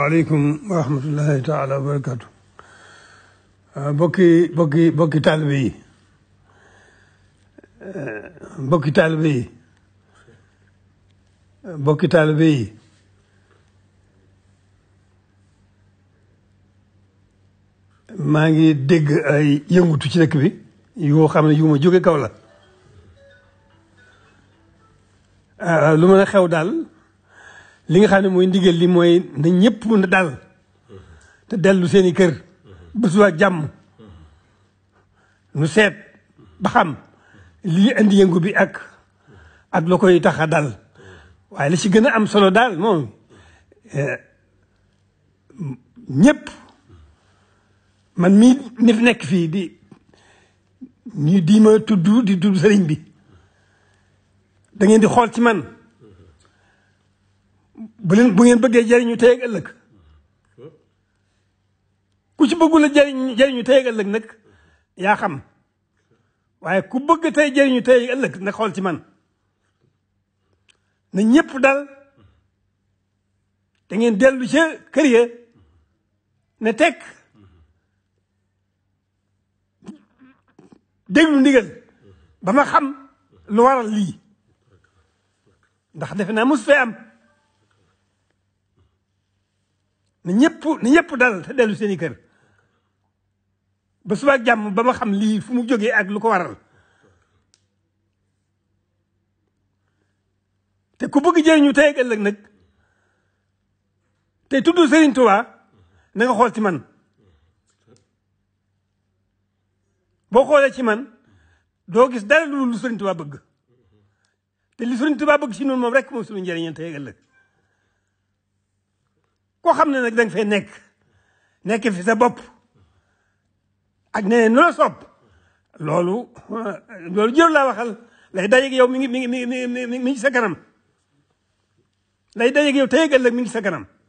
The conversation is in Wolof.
waaleykum wa rahmatullahi taala wa barakaatu ah, bokki bokki eh, bokki taalibe yi bokki taalibe yi maa ngi dégg ay yëngutu ci dëkk bi yoo xam ne yu ma jóge kaw la ah, lu mën a xew daal li nga xam ne mooy ndigal li mooy na ñëpp na dal te dellu seen i kër ba suba jàmm nu seet baxam xam lii indi yëngu bi ak ak la koy tax a dal waaye li ci gën a am solo daal moom eh, ñépp man mii nit nekk fii di ñu di ma di tudd sëriñ bi da ngeen di xool ci man bu leen bu ngeen bëggee jariñu tey ëllëg ku ci bëggul jariñ jariñu tey ëllëg nag yaa xam waaye ku bëgg tey jariñu tey ak ëllëg nag xool ci man na ñëpp dal da ngeen dellu ca kër ya ne tekk déglu ndigal ba xam lu waral lii ndax defe naa mos fee am na ñëpp na dal te dellu seen i kër ba suba ak jàmm ba ma xam lii fu mu jógee ak lu ko waral te ku bëgg jëriñu tey ak ëllëg nag te tudd Serigne Touba na xool ci man boo xoolee ci man doo gis dara lu Serigne Touba bëgg te li Serigne Touba bëgg si noonu moom rek moom suñu njëriñam tey ak ëllëg koo xam ne nag danga fee nekk nekk fi sa bopp ak ne nu la loolu loolu jër laa waxal lay dajeeg yow mi ngi mi ngi mi ngi mi ngi sa kanam lay dajeeg yow tey ëllëg mi ngi sa kanam